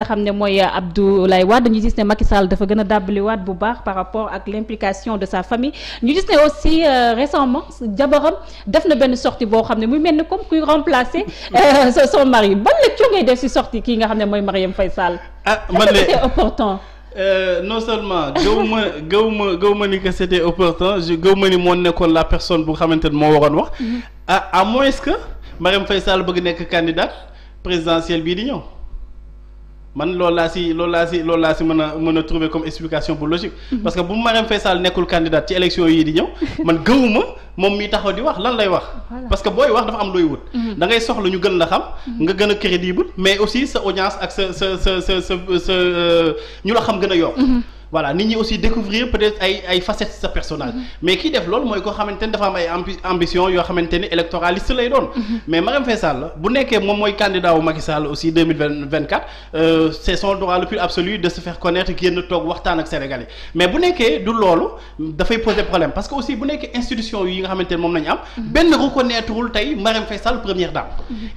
nga xam ne mooy Abdoulaye Wade ñu gis ne Macky Sall dafa gën a dàbbaliwaat bu baax par rapport ak l'implication de sa famille ñu gis ne aussi euh, récemment jabaram def na benn sortie boo xam ne muy mel ni comme kuy remplacer euh, son mari ban lecture ngay def ci sortie kii nga xam ne mooy Marième Faye Sall ah man de c'était euh, non seulement ma gëw ma gëw ma ni que c'était opportun gëw ma ni moo nekkoon la personne bu xamante ne moo waroon wax mm-hmm. ah à moins que Marième Faye Sall bëgg nekk candidate présidentielle bii di ñëw man loolu laa si loolu laa si loolu laa mën a mën a trouver comme explication bu logique. Mhm. parce que bu Marème Faye Sall nekkul candidate ci élection yi di ñëw. man gëwuma moom miy taxaw di wax lan lay wax. parce que booy wax dafa am looy wut. Mhm. da ngay soxla ñu gën la xam. Mhm. nga gën a crédible mais aussi sa audience ak sa sa sa sa sa sa euh, ñu la xam gën a yokk. voilà nit ñi aussi découvrir peut-être ay ay facettes sa personnage mm-hmm. mais kii def loolu mooy koo xamante dafa am ay ambition yoo xamante ne lay doon mm-hmm. mais Marième Faye Sall euh, bu nekkee du loolu dafay poser problème parce que aussi bu nekkee institution yi nga xamante moom nañu am mm-hmm. benn reconnaîtrewul tey Marième Faye Sall première dame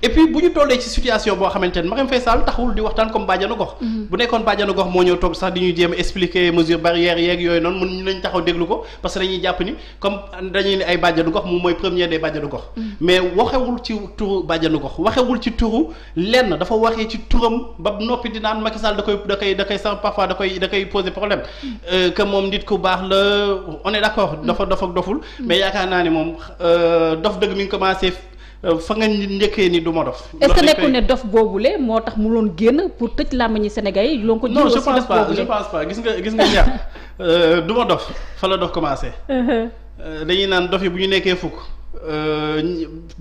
et puis bu ñu tollee ci situation boo xamante ne Marième Faye Sall di waxtaan comme bàjjanu gox bu nekkoon bàjjanu respecté mesures barrières yeeg yooyu noonu mën ñu nañ taxaw déglu ko parce que dañuy jàpp ni comme dañuy ne ay bàjjanu gox moom mooy première des bàjjanu gox mm. mais waxewul ci turu bàjjanu gox waxewul ci turu lenn dafa waxee ci turam ba noppi di naan Macky da koy da koy da koy sax parfois da koy da koy poser problème mm. euh, que moom nit ku baax la on d'accord mm. dafa dof ak doful mais yaakaar naa ne moom euh, dof dëgg mi ngi Euh, fa nga njëkkee ni du ma dof. est-ce que nekkul ne dof boobule moo tax mu loon génn pour tëj làmmiñu Sénégal yi loo ko. non je gis nga gis nga ñaar euh, du ma dof fa la dof commencé. Uh-huh. Euh, dañuy naan dof ñu nekkee fukk.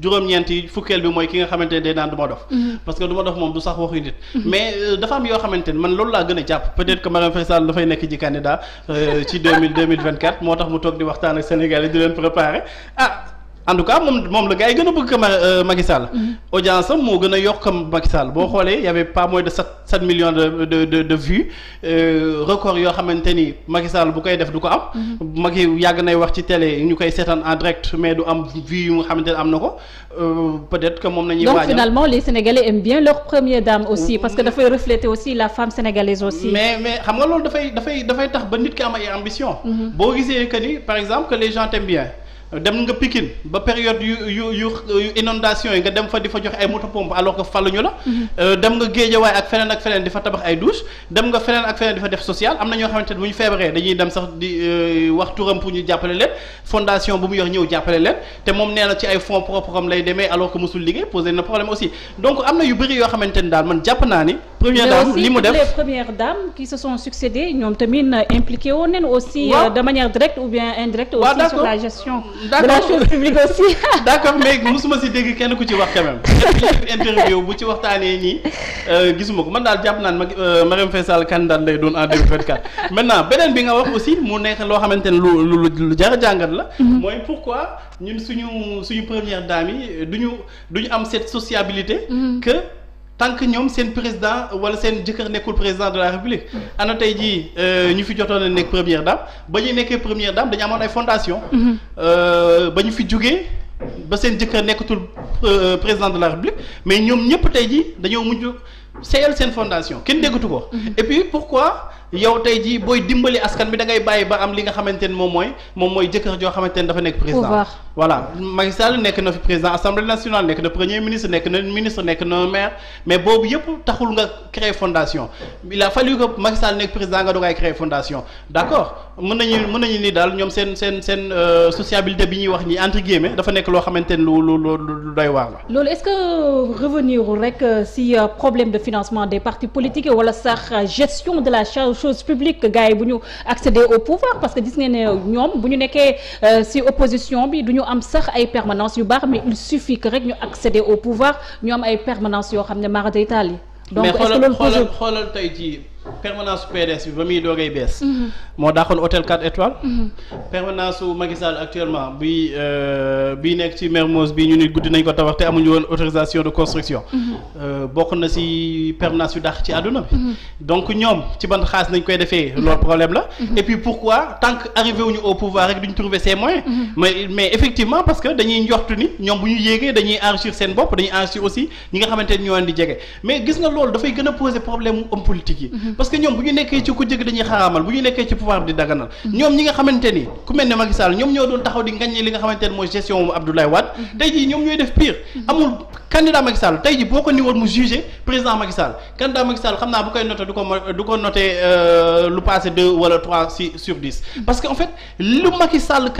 juróom-ñeent yi fukkeel bi mooy ki nga xamante ne day naan du ma dof uh-huh. parce que dof moom du sax waxu nit uh-huh. mais dafa am yoo xamante ne man loolu laa gën a jàpp peut-être que Marième Faye Sall dafay nekk ji candidat ci deux mille deux mille vingt-quatre moo tax mu toog di waxtaan ak Sénégal yi di leen préparer ah en tout cas moom la gars yi gën a bëgg que euh, Macky mm-hmm. audience moo gën a yokk Macky Sall boo mm-hmm. xoolee y avait pas moins de sept sept millions de de de vues euh, record yoo xamante ni Macky Sall bu koy def du ko am. Mm-hmm. Macky yàgg nay wax ci télé ñu koy seetaan en direct mais du am vues yu nga xamante ne am na ko euh, peut-être que moom la ñuy. waajal donc finalement les Sénégalais aiment bien leur première dame aussi parce que dafay refléter aussi la femme sénégalaise aussi. mais mais xam loolu dafay dafay dafay tax ba nit ki am ay par exemple les gens dem nga Pikine ba période yu yu yu inondation yi nga dem fa di fa joxe ay moto pompe alors que faluñu la mhm. euh, dem nga Géejawaay ak feneen ak feneen di fa tabax ay douche dem nga feneen ak feneen di fa def social am na ñoo xamante ne bu ñu feebaree dañuy dem sax di euh, wax turam pour ñu jàppale leen fondation bu mu yor ñëw jàppale leen te moom nee na ci ay fonds propres am lay demee alors que mosul liggéey posé na problème aussi donc am na yu bëri yoo xamante ni daal man jàpp naa ni première dame li mu def les premières dames qui se sont succédé ñoom tamit euh, impliqué woon nañu aussi. Euh, de manière directe ou bien indirecte. aussi sur la gestion. de la chose publique aussi. d' mais mosuma si dégg kenn ku ci wax quand même. interview bu ci waxtaanee nii euh, gisuma ko man daal jàpp naan euh, Marième Faye Sall candidat lay doon en 2024. maintenant beneen bi nga wax aussi mu nekk loo xamante ne lu lu lu jar a jàngat la. Mhm. mooy pourquoi ñun suñu suñu première dame yi duñu duñu am cette sociabilité. Mhm. tant que ñoom seen président wala seen jëkkër nekkul président de la république ana tey jii euh, ñu fi jotoon a nekk première dame ba ñuy nekkee première dame dañu amoon ay fondation mhm. euh, ba ñu fi jógee ba seen jëkkër nekkatul euh, président de la république mais ñoom ñëpp tey jii dañoo mujj seeyal seen fondation kenn déggatu ko mhm. et puis yow tey jii booy dimbali askan bi da ngay bàyyi ba am li nga xamante ni moom mooy moom mooy jëkkër joo xamante ni dafa nekk président voilà Macky Sall nekk na fi président assemblée nationale nekk na premier ministre nekk na ministre nekk na maire mais boobu yëpp taxul nga créer fondation il a fallu que Macky Sall nekk président nga doogaay créer fondation d'accord mën nañu mën nañu ni daal ñoom seen seen seen euh, sociabilité bi ñuy wax ni entre guillemets dafa nekk loo xamante ni lu lu lu doy waar la loolu est-ce que revenir rek euh, si euh, problème de financement des partis politiques wala sax gestion de la charge chose publique gars yi bu ñu accéder au pouvoir parce que gis ne ñoom bu ñu nekkee ci euh, opposition bi du ñu am sax ay permanence yu baax mais il suffit que rek ñu accéder au pouvoir ñu am ay permanence yoo xam ne mara day donc est loolu xoolal xoolal tey permanence PDS bi ba muy doogay bees. Mhm. moo daaxoon hôtel 4 étoiles. Mhm. permanence su Macky Sall actuellement bi euh, bi nekk ci Mermoz bi ñu nit guddi nañ ko tabax te amuñu woon autorisation de construction. Mhm. Euh, bokk na si permanence yu dàq ci àdduna bi. donc ñoom ci ban xaalis nañ koy defee loolu problème la. et puis pourquoi tant que arrivé wuñu au pouvoir rek duñ trouver mais mais effectivement parce que dañuy njortu ni ñoom bu ñu yéegee dañuy enrichir seen bopp dañuy enrichir aussi ñi nga xamante ni ñoo leen di jege mais gis nga loolu dafay gën a problème mu homme yi. parce que ñoom bu ñu nekkee ci ku jëkk dañuy xaraamal bu ñu nekkee ci pouvoir di daganal mm-hmm. ñoom ñi nga xamante ni ku mel ne Macky ñoom ñoo doon taxaw di ngaññe li nga xamante ne mooy gestion moom Abdoulaye Wade mm-hmm. tey ñoom ñooy def pire mm-hmm. amul candidat Macky Sall tey boo ko ni woon mu jugé président Macky Sall candidat xam naa bu koy noté du ko du euh, lu passé deux wala trois si sur dix parce que en fait lu Macky Sall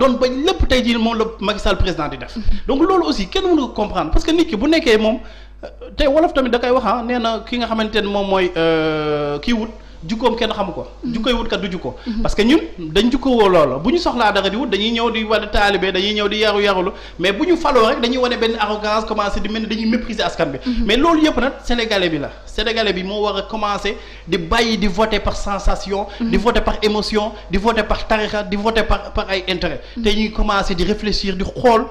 doon ba lépp t jii moom la Macky Sall président di def donc loolu que nit ki bu nekkee moom te wolof tamit da koy wax ah nee na ki nga xamante ne moom mooy euh, kii wut jukkoom kenn xamu ko mm-hmm. jukkoy wut kat du jukko mm-hmm. parce que ñun dañ jukkowoo loola bu ñu soxlaa dara di wut dañuy ñëw di wane taalibe dañuy ñëw di yaru yarulu mais bu ñu faloo rek dañuy wane benn arrogance commencé di mel ni dañuy mépriser askan bi mm-hmm. mais loolu yëpp nag sénégalais bi la sénégalais bi moo war a commencé di bàyyi di voter par sensation di voter par émotion di voter par tarixa di voter par par ay intérêt te ñuy commencé di réfléchir di xool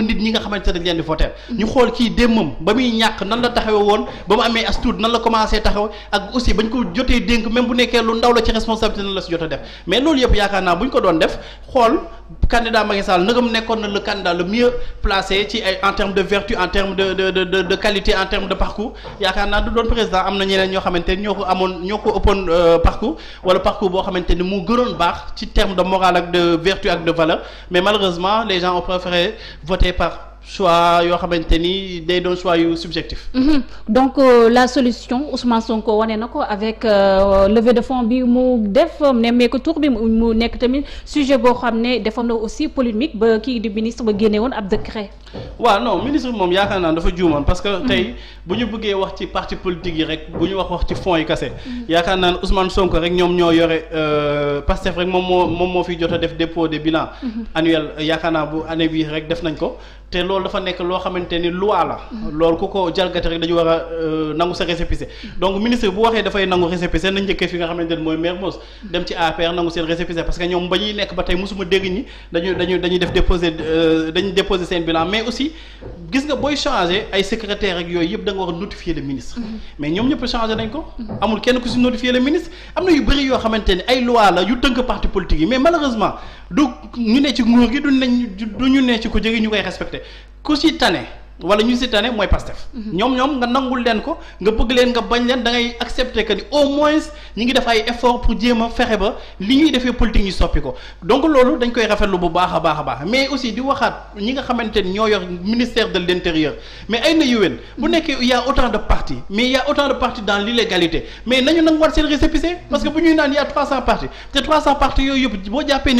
ñi nga xamante dañ leen di voter ñu xool kii démmam ba muy ñàkk nan la taxawe woon ba mu amee as tuut nan la commencé taxaw ak aussi bañ ko jotee dénk même bu nekkee lu ndaw la ci responsabilité na la si a def mais loolu yëpp yaakaar naa bu ñu ko doon def xool candidat Macky Sall nekkoon na le candidat mieux placé ci en terme de vertu en terme de de de de qualité en terme de parcours yaakaar naa du doon président am na ñeneen ñoo xamante ni ñoo ko amoon ñoo ko ëppoon euh, parcours wala parcours boo xamante ni mu gënoon baax ci terme de morale ak de vertu ak de valeur mais malheureusement les gens ont préféré par choix yoo xamante ni day doon choix yu subjectif. Mhm. donc euh, la solution Ousmane Sonko wanee na ko avec euh, levée de fond bi mu def nemmeeku tour bi mu nekk tamit sujet boo xam ne defoon na aussi polémique ba kii di ministre ba génne woon ab décret. waaw no ministre moom yaakaar naa dafa juumoon parce que mm-hmm. tey bu ñu bëggee wax ci parti politique yi rek bu ñu wax wax ci fonds yi kase mm-hmm. yaakaar naa ne Ousmane Sonko rek ñoom ñoo yore euh, Pastef rek moom moo moom moo fi jot def dépôt de bilan mm-hmm. annuel yaakaar naa bu année bii rek def ko te loolu dafa nekk loo xamante ni loi la loolu ku ko jalgati war a euh, nangu sa récépissé donc ministre bu waxee dafay nangu récépissé nañ njëkkee fi nga xamante ne mooy maire dem ci APR nangu seen récépissé parce que ñoom ba ñuy nekk ba tey mosuma dégg ñi dañu dañu dañuy def déposé euh, dañu déposé seen bilan mais aussi gis nga booy changer ay secrétaire ak yooyu yëpp da nga war a notifier le ministre. Mhm. mais ñoom ñëpp changer nañ ko. Mhm. amul kenn ku si notifier le ministre am na yu bëri yoo xamante ni ay loi la yu tënk parti politique yi mais malheureusement du ñu ne ci nguur gi duñ ne du ñu ne ci ko jege ñu koy respecté ku si tane. wala ñu sitane mooy Pastef mhm. ñoom ñoom nga nangul leen ko nga bëgg leen nga bañ leen da ngay accepter ni au moins ñi ngi def effort pour jéem a fexe ba li ñuy defee politique ñu soppi ko donc loolu dañ koy rafetlu bu baax a baax a baax mais aussi di waxaat ñi nga xamante ni ñoo yor ministère de l'intérieur mais ay na yuwén bu nekkee y a de partis mais y a autant de partis dans l'illégalité mais nañu nanguwaat seen récépissé parce que bu ñuy a trois cent partis te trois cent partis yooyu yëpp boo jàppee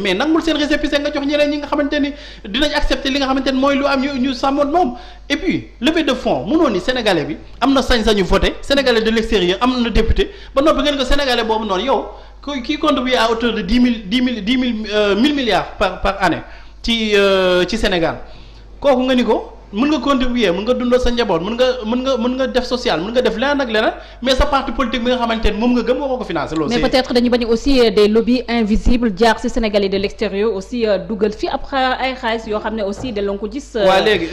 nga jox ñeneen dinañ accepter li nga xamante ne mooy lu am ñu ñu sàmmoon moom et puis levée de fonds mënoon ni sénégalais bi am na sañ-sañu voté sénégalais de l'extérieur am na député ba noppi ngeen ko sénégalais boobu noonu yow ku kii contribue à hauteur de dix mil dix euh, mille milliards par par année ci euh, ci Sénégal kooku nga ni ko. mun nga contribuer mën nga dundoo sa njaboot mën nga mën nga mën nga def social mën nga def leneen ak leneen mais sa parti politique bi nga xamante ne moom nga gëm waroo ko financer loolu mais peut-être dañu bañ euh, de euh, yoo xam ne aussi de lañ ko gis euh, waaw léegi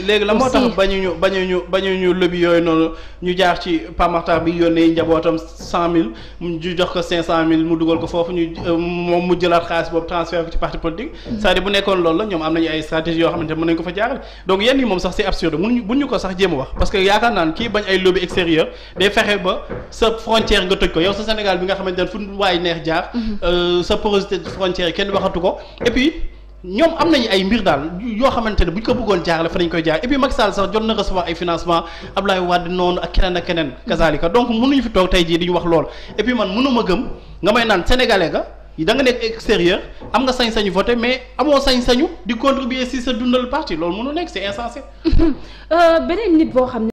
léegi ci Pape Makhtar bi yónnee njabootam cent mille ñu jox ko cinq cent mille mu dugal ko foofu ñu moom mu jëlaat xaalis boobu transfert ko ci mm-hmm. bu nekkoon loolu la ñoom am nañu ay stratégie yoo xamante nañ ko fa jaaral donc yenn moom sax absurde mënuñu buñ ñu ko sax jéem a wax parce que yaakaar naan kii bañ ay lobby extérieur day fexe ba sa frontière nga tëj ko yow sa Sénégal bi nga xamante ne fu waay neex jaar mhm. euh, sa porosité frontière yi kenn waxatu ko et ñoom am nañu ay mbir daal yoo xamante ne bu ñu ko bëggoon jaarale fa nañ koy jaar et puis Macky Sall sax jot na recevoir ay financement Abdoulaye Wade noonu ak keneen ak keneen kazalika donc mënuñu fi toog tey jii di ñu wax lool et m man mënuma gëm nga may naan da nga nekk extérieur am nga sañ-sañu voté mais amoo sañ-sañu di contribuer si sa dundal parti loolu mënu nekk c'est insensé. Euh, beneen nit boo xam ne